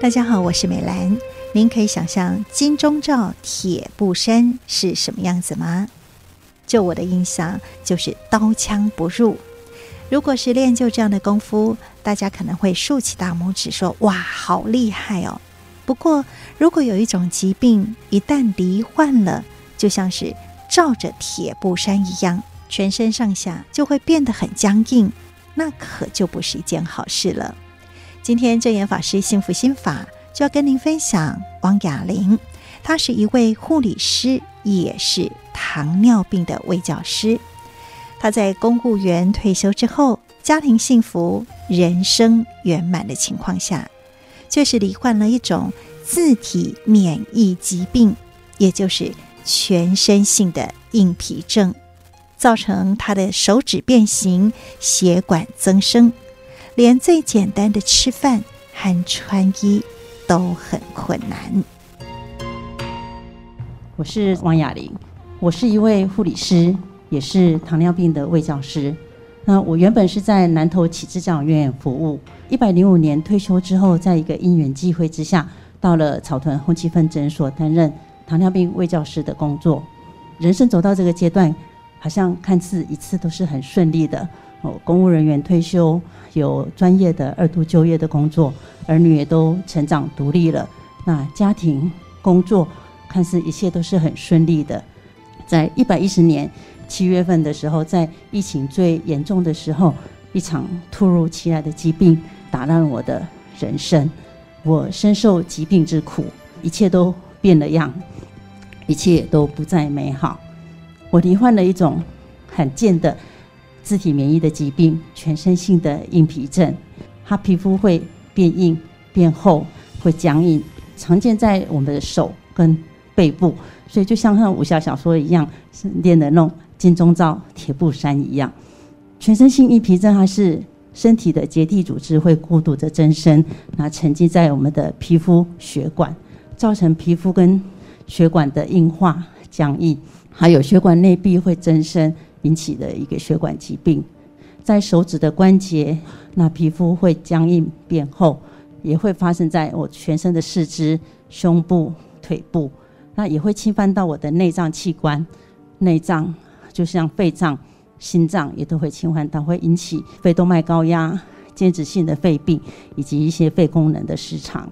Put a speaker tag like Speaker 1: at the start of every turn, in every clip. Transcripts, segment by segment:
Speaker 1: 大家好，我是美蘭。您可以想象金鐘罩鐵布衫是什麼樣子嗎？就我的印象，就是刀槍不入。如果是練就這樣的功夫，大家可能會豎起大拇指說：“哇，好厲害哦！”不過，如果有一種疾病一旦罹患了，就像是罩着鐵布衫一樣，全身上下就會變得很僵硬，那可就不是一件好事了。今天證嚴法師幸福心法就要跟您分享汪亞鈴，她是一位護理師，也是糖尿病的衛教師。她在公務員退休之後，家庭幸福、人生圓滿的情況下，卻、就是罹患了一種自體免疫疾病，也就是全身性的硬皮症，造成她的手指變形、血管增生。連最簡單的吃飯和穿衣都很困難。
Speaker 2: 我是汪亞鈴，我是一位護理師，也是糖尿病的衛教師。那我原本是在南投啟智教育院服務，一百零五年退休之後，在一個因緣際會之下，到了草屯後七分診所擔任糖尿病衛教師的工作。人生走到這個階段，好像看似一次都是很順利的。哦，公務人員退休有專業的二度就業的工作，兒女也都成長獨立了。那家庭工作看似一切都是很順利的。在一百一十年七月份的時候，在疫情最嚴重的時候，一場突如其來的疾病打亂了我的人生。我深受疾病之苦，一切都變了樣，一切都不再美好。我罹患了一種罕見的自體免疫的疾病，全身性的硬皮症，它皮膚會變硬、變厚、會僵硬，常見在我們的手跟背部，所以就像像武俠小說一樣，練的那種金鐘罩、鐵布衫一樣。全身性硬皮症，它是身體的結締組織會過度的增生，那沉積在我們的皮膚、血管，造成皮膚跟血管的硬化、僵硬，還有血管內壁會增生。引起的一個血管疾病，在手指的關節，那皮膚會僵硬、變厚，也會發生在我全身的四肢、胸部、腿部，那也會侵犯到我的內臟器官、內臟，就像肺臟、心臟也都會侵犯到，會引起肺動脈高壓、間質性的肺病，以及一些肺功能的失常。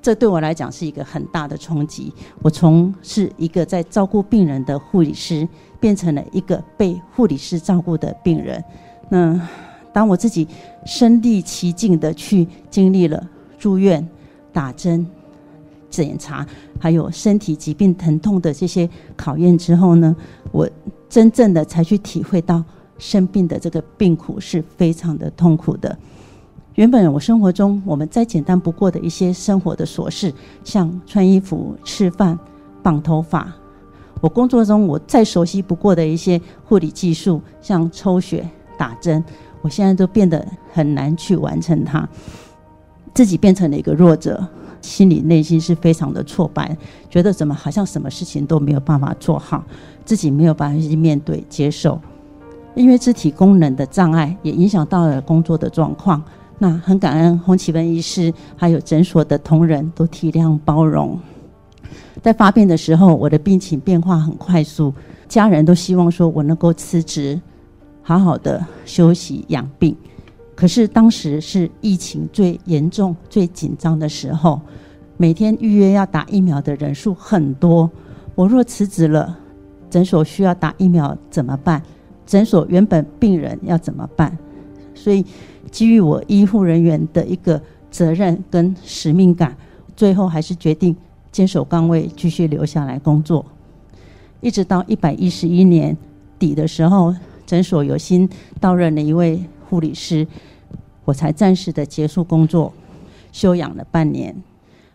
Speaker 2: 這對我來講是一個很大的衝擊。我從事一個在照顧病人的護理師。變成了一個被護理師照顧的病人。那當我自己身歷其境的去經歷了住院、打針、檢查，還有身體疾病疼痛的這些考驗之後呢，我真正的才去體會到生病的這個病苦是非常的痛苦的。原本我生活中，我們再簡單不過的一些生活的瑣事，像穿衣服、吃飯、綁頭髮。我工作中我再熟悉不過的一些護理技術，像抽血、打針，我現在都變得很難去完成它，自己變成了一個弱者，心裡內心是非常的挫敗，覺得怎麼好像什麼事情都沒有辦法做好，自己沒有辦法去面對、接受，因為肢體功能的障礙也影響到了工作的狀況。那很感恩洪啟文醫師還有診所的同仁都體諒包容。在發病的時候，我的病情變化很快速，家人都希望說我能夠辭職，好好的休息養病。可是當時是疫情最嚴重、最緊張的時候，每天預約要打疫苗的人數很多。我若辭職了，診所需要打疫苗怎麼辦？診所原本病人要怎麼辦？所以，基於我醫護人員的一個責任跟使命感，最後還是決定。堅守崗位，繼續留下來工作，一直到一百一十一年底的時候，診所有新到任的一位護理師，我才暫時的結束工作，休養了半年。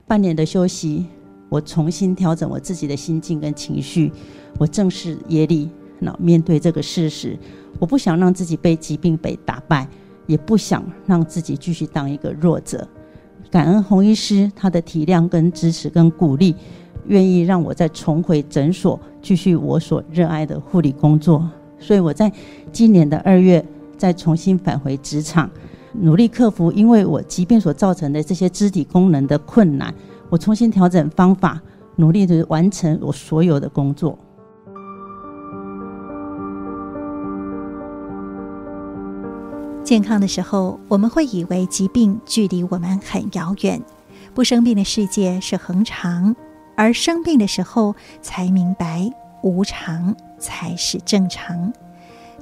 Speaker 2: 半年的休息，我重新調整我自己的心境跟情緒，我正視業力，那面對這個事實，我不想讓自己被疾病被打敗，也不想讓自己繼續當一個弱者。感恩洪醫師他的體諒跟支持跟鼓勵，願意讓我再重回診所，繼續我所熱愛的護理工作。所以我在今年的二月再重新返回職場，努力克服因為我疾病所造成的這些肢體功能的困難，我重新調整方法，努力的完成我所有的工作。
Speaker 1: 健康的時候，我們會以為疾病距離我們很遙遠，不生病的世界是恆常；而生病的時候，才明白無常才是正常。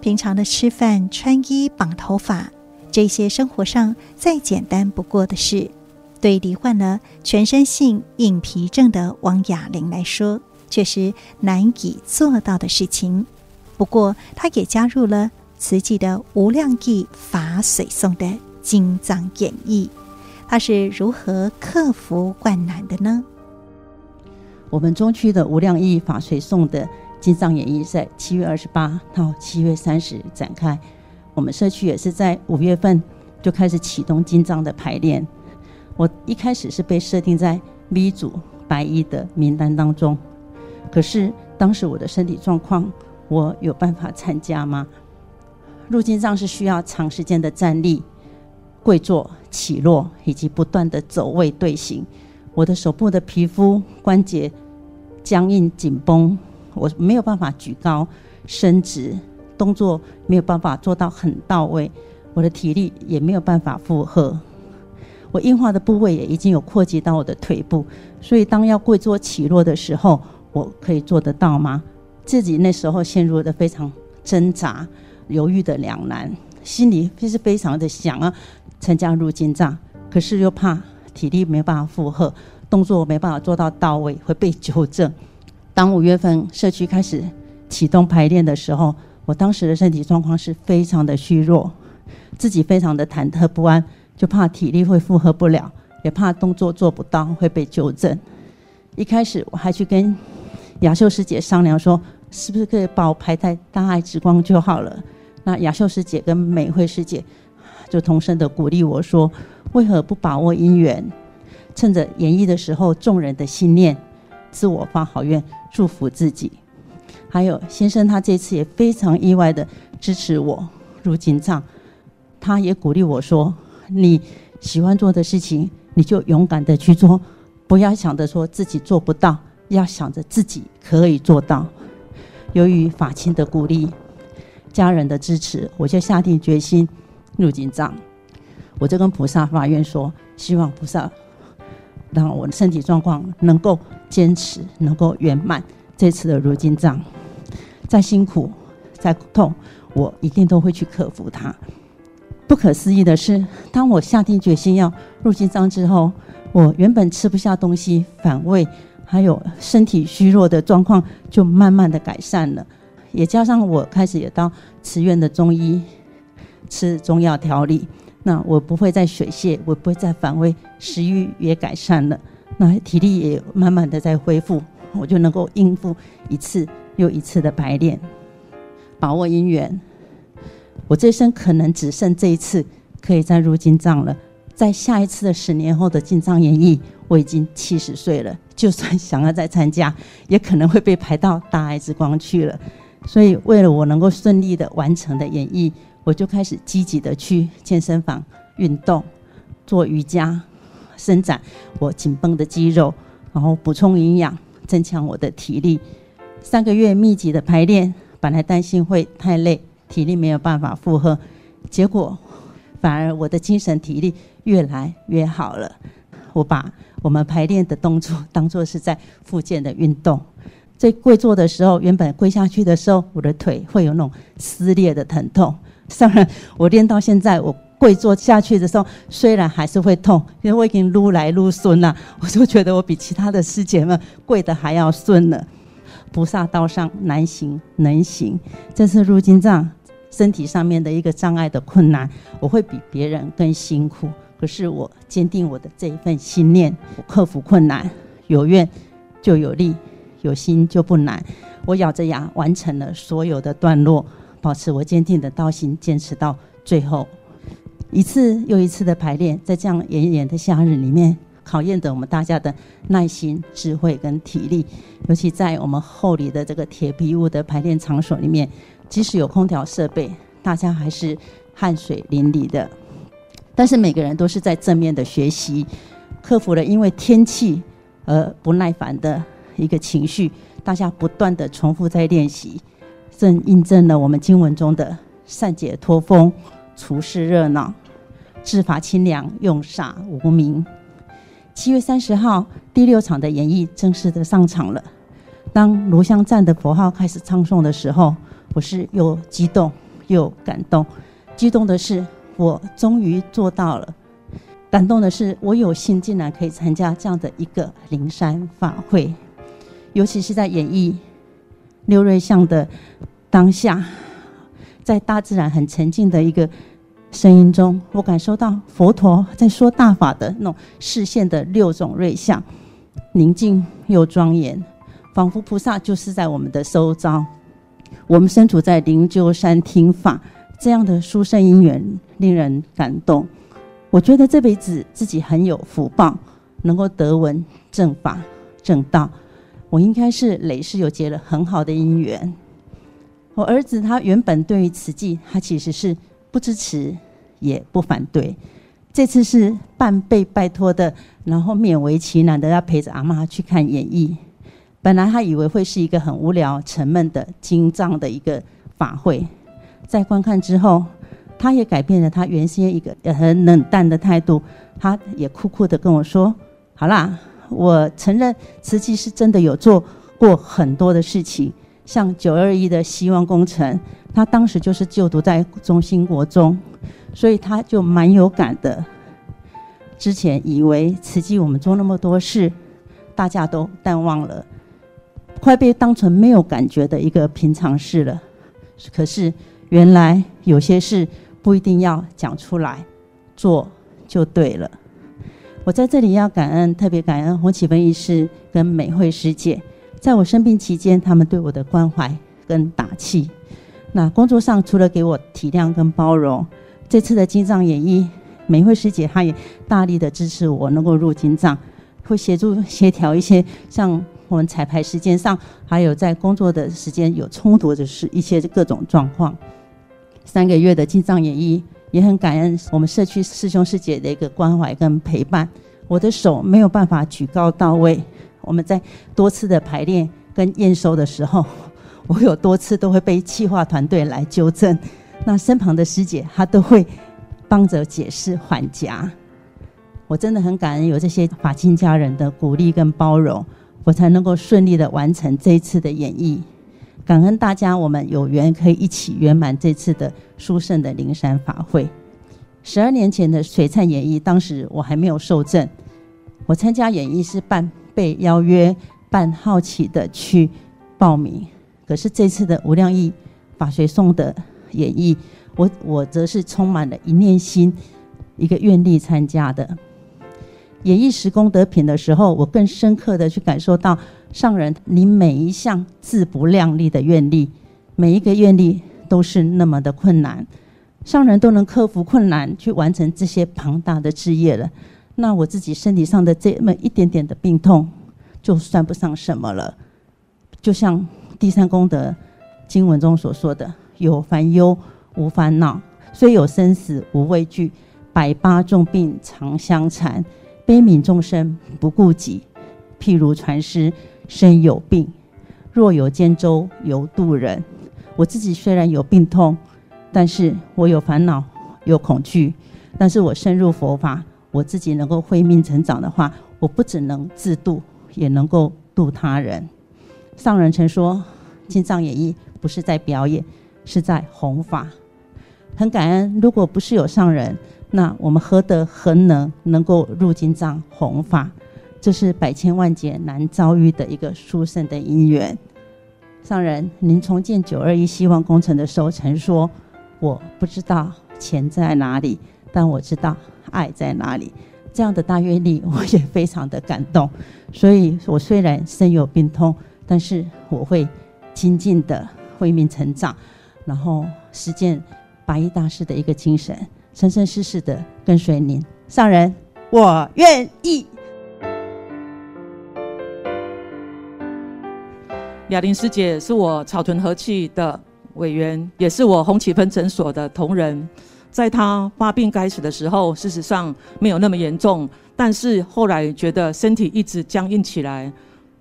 Speaker 1: 平常的吃飯、穿衣、綁頭髮，這些生活上再簡單不過的事，對罹患了全身性硬皮症的汪亞鈴來說，卻是難以做到的事情。不過，她也加入了。慈濟的無量義法髓頌的《經藏演繹》，它是如何克服萬難的呢？
Speaker 2: 我們中區的無量義法髓頌的《經藏演繹》在七月二十八到七月三十展開。我們社區也是在五月份就開始啟動經藏的排練。我一開始是被設定在 V 組白衣的名單當中，可是當時我的身體狀況，我有辦法參加嗎？入經藏是需要長時間的站立、跪坐、起落，以及不斷的走位隊形。我的手部的皮膚、關節僵硬緊繃，我沒有辦法舉高、伸直，動作沒有辦法做到很到位。我的體力也沒有辦法負荷，我硬化的部位也已經有擴及到我的腿部，所以當要跪坐起落的時候，我可以做得到嗎？自己那時候陷入的非常掙扎。猶豫的兩難，心裡就是非常的想啊，參加入經藏，可是又怕體力沒辦法負荷，動作沒辦法做到到位，會被糾正。當五月份社區開始啟動排練的時候，我當時的身體狀況是非常的虛弱，自己非常的忐忑不安，就怕體力會負荷不了，也怕動作做不到會被糾正。一開始我還去跟雅秀師姐商量說，是不是可以把我排在大愛之光就好了。那雅秀師姐跟美惠師姐就同聲地鼓勵我說：“為何不把握因緣，趁着演繹的時候眾人的信念，自我發好願，祝福自己。”還有先生他這次也非常意外的支持我入經藏，他也鼓勵我說：“你喜歡做的事情，你就勇敢的去做，不要想着說自己做不到，要想着自己可以做到。”由於法親的鼓勵，家人的支持，我就下定決心入經藏。我就跟菩薩發願說，希望菩薩讓我的身體狀況能夠堅持，能夠圓滿這次的入經藏。再辛苦，再苦痛，我一定都會去克服它。不可思議的是，當我下定決心要入經藏之後，我原本吃不下東西，反胃，還有身體虛弱的狀況，就慢慢的改善了。也加上我開始也到慈院的中醫吃中藥調理，那我不會再水瀉，我不會再反胃，食欲也改善了，那體力也慢慢的在恢復，我就能夠應付一次又一次的排練，把握因緣。我這一生可能只剩這一次可以再入經藏了，在下一次的十年後的經藏演繹，我已經七十歲了，就算想要再參加，也可能會被排到大愛之光去了。所以，為了我能夠順利的完成的演繹，我就開始積極的去健身房運動，做瑜伽，伸展我緊繃的肌肉，然後補充營養，增強我的體力。三個月密集的排練，本來擔心會太累，體力沒有辦法負荷，結果反而我的精神體力越來越好了。我把我們排練的動作當作是在復健的運動。在跪坐的時候，原本跪下去的時候，我的腿會有那種撕裂的疼痛。當然，我練到現在，我跪坐下去的時候，雖然還是會痛，因為我已經擼來擼順了，我就覺得我比其他的師姐們跪的還要順了。菩薩道上難行能行，這次入經藏，身體上面的一個障礙的困難，我會比別人更辛苦。可是我堅定我的這一份信念，我克服困難，有願就有力。有心就不難。我咬着牙完成了所有的段落，保持我堅定的道心，堅持到最後。一次又一次的排練，在這樣炎炎的夏日裡面，考驗着我們大家的耐心、智慧跟體力。尤其在我們后里的這個鐵皮屋的排練場所裡面，即使有空調設備，大家還是汗水淋漓的。但是每個人都是在正面的學習，克服了因為天氣而不耐煩的一個情緒，大家不斷的重複在練習，正印證了我們經文中的“善解脫風，除世熱惱，治法清涼，用煞無名”。七月三十號，第六場的演繹正式的上場了。當爐香贊的佛號開始唱誦的時候，我是又激動又感動。激動的是，我終於做到了；感動的是，我有幸竟然可以參加這樣的一個靈山法會。尤其是在演繹六瑞相的當下，在大自然很沉靜的一個聲音中，我感受到佛陀在說大法的那種示現的六種瑞相，寧靜又莊嚴，仿佛菩薩就是在我們的周遭。我們身處在靈鷲山聽法，這樣的殊勝因緣令人感動。我覺得這輩子自己很有福報，能夠得聞正法正道。我應該是累世有結了很好的姻緣。我兒子他原本對於慈濟他其實是不支持也不反對，這次是半被拜託的，然後勉為其難的要陪着阿嬤去看演繹。本來他以為會是一個很無聊、沉悶的經藏的一個法會，在觀看之後，他也改變了他原先一個很冷淡的態度，他也酷酷的跟我說：“好啦。”我承認，慈濟是真的有做過很多的事情，像九二一的希望工程，他當時就是就讀在中興國中，所以他就蠻有感的。之前以為慈濟我們做那麼多事，大家都淡忘了，快被當成沒有感覺的一個平常事了。可是原來有些事不一定要講出來，做就對了。我在這裡要感恩，特別感恩洪啟文醫師跟美惠師姐，在我生病期間，他們對我的關懷跟打氣。那工作上除了給我體諒跟包容，這次的經藏演繹，美惠師姐她也大力的支持我能夠入經藏，會協助協調一些像我們彩排時間上，還有在工作的時間有衝突的是一些各種狀況。三個月的經藏演繹。也很感恩我們社區師兄師姐的一個關懷跟陪伴。我的手沒有辦法舉高到位，我們在多次的排練跟驗收的時候，我有多次都會被企劃團隊來糾正。那身旁的師姐她都會幫着解釋緩頰。我真的很感恩有這些法親家人的鼓勵跟包容，我才能夠順利的完成這一次的演繹。感恩大家，我們有緣可以一起圓滿這次的殊勝的靈山法會。十二年前的璀璨演繹，當時我還沒有受證，我參加演繹，是半被邀約、半好奇的去報名。可是這次的無量義法隨頌的演繹，我我則是充滿了一念心、一個願力參加的。演繹十功德品的時候，我更深刻地去感受到上人，你每一項自不量力的願力，每一個願力都是那麼的困難，上人都能克服困難去完成這些龐大的事業了，那我自己身體上的這麼一點點的病痛，就算不上什麼了。就像第三功德經文中所說的：“有煩憂，無煩惱；雖有生死，無畏懼；百八重病，常相殘悲憫眾生不顧己，譬如船師身有病，若有堅舟猶渡人。我自己雖然有病痛，但是我有煩惱，有恐懼，但是我深入佛法，我自己能夠慧命成長的話，我不只能自度，也能夠渡他人。上人曾說，《經藏演繹》不是在表演，是在弘法。很感恩，如果不是有上人。那我們何德何能能夠入經藏弘法？這是百千萬劫難遭遇的一個殊勝的因緣。上人，您重建九二一希望工程的時候，曾說：“我不知道錢在哪裡，但我知道愛在哪裡。”這樣的大願力，我也非常的感動。所以，我雖然身有病痛，但是我會精進的慧命成長，然後實踐白衣大士的一個精神。生生世世的跟隨您，上人，我
Speaker 3: 願意。亞鈴師姐是我草屯和氣的委員，也是我紅旗分診所的同仁。在她發病開始的時候，事實上沒有那麼嚴重，但是後來覺得身體一直僵硬起來。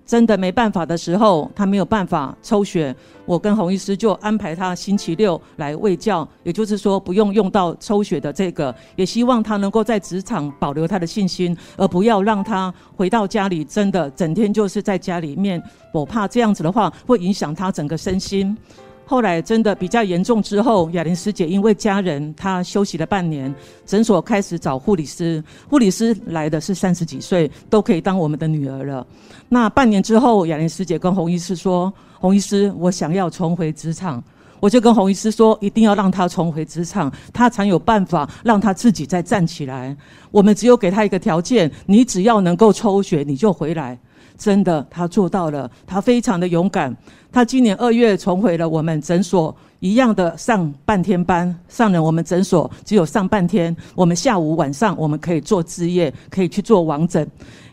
Speaker 3: 真的沒辦法的時候，他沒有辦法抽血。我跟洪醫師就安排他星期六來衛教，也就是說不用用到抽血的這個。也希望他能夠在職場保留他的信心，而不要讓他回到家裡真的整天就是在家裡面。我怕這樣子的話會影響他整個身心。後來真的比較嚴重之後，亞鈴師姐因為家人，她休息了半年。診所開始找護理師，護理師來的是三十幾歲，都可以當我們的女兒了。那半年之後，亞鈴師姐跟洪醫師說：“洪醫師，我想要重回職場。”我就跟洪醫師說：“一定要讓她重回職場，她才有辦法讓她自己再站起來。我們只有給她一個條件，你只要能夠抽血，你就回來。”真的，他做到了。他非常的勇敢。他今年二月重回了我們診所，一樣的上半天班，上了我們診所只有上半天。我們下午晚上我們可以做志業，可以去做往診。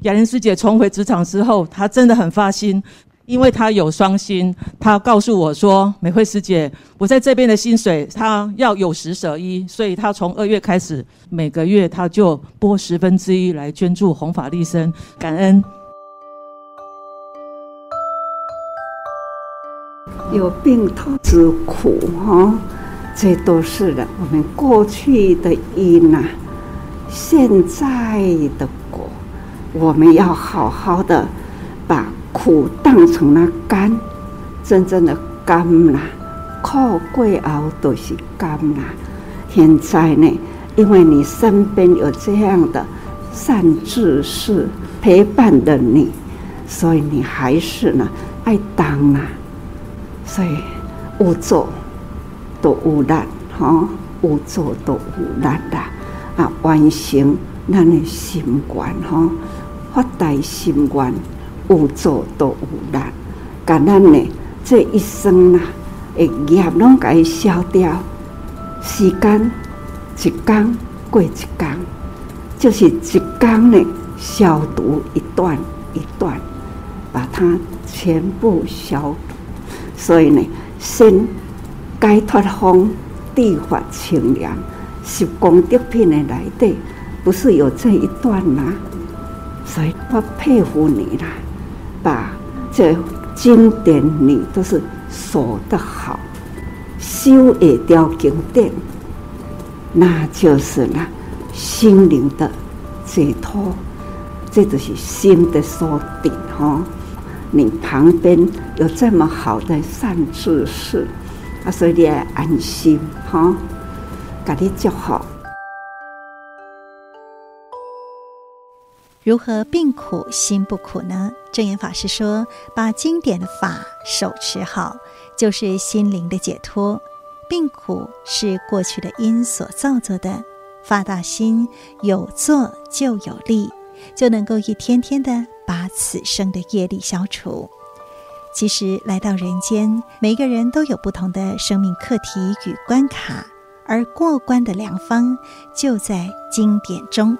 Speaker 3: 亞鈴師姐重回職場之後，她真的很發心，因為她有雙薪。她告訴我說：“美惠師姐，我在這邊的薪水，她要有十舍一，所以她從二月開始，每個月她就撥十分之一來捐助弘法利生，感恩。”
Speaker 4: 有病痛之苦哈，這都是的。我們過去的因吶、啊，現在的果，我們要好好的把苦當成了甘，真正的甘吶、啊，靠貴熬都是甘吶、啊。現在呢，因為你身邊有這樣的善知識陪伴著你，所以你還是呢愛當啊。所以，有做都有力，哈、哦，有做都有力的啊。完成咱的心願，哈、哦，發大心願。有做都有力。把咱呢這一生吶，業攏該消掉。時間，一天過一天，就是一天的消毒一段一段，把它全部消毒。所以呢，先解脫方地法清涼十功德品的來歷，不是有這一段嗎？所以我佩服你啦，把這經典你都是說得好，修業雕經典，那就是呢，心靈的解脫，這就是心的所定哈。你旁邊有這麼好的善知識，啊，所以你要安心哈，就、哦、好。
Speaker 1: 如何病苦心不苦呢？證嚴法師說：把經典的法手持好，就是心靈的解脫。病苦是過去的因所造作的，發大心有做就有力，就能夠一天天的。把此生的業力消除。其實來到人間，每個人都有不同的生命課題與關卡，而過關的良方就在經典中。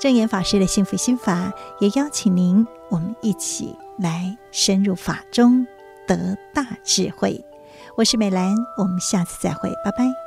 Speaker 1: 證嚴法師的幸福心法也邀請您，我們一起來深入法中得大智慧。我是美蘭，我們下次再會，拜拜。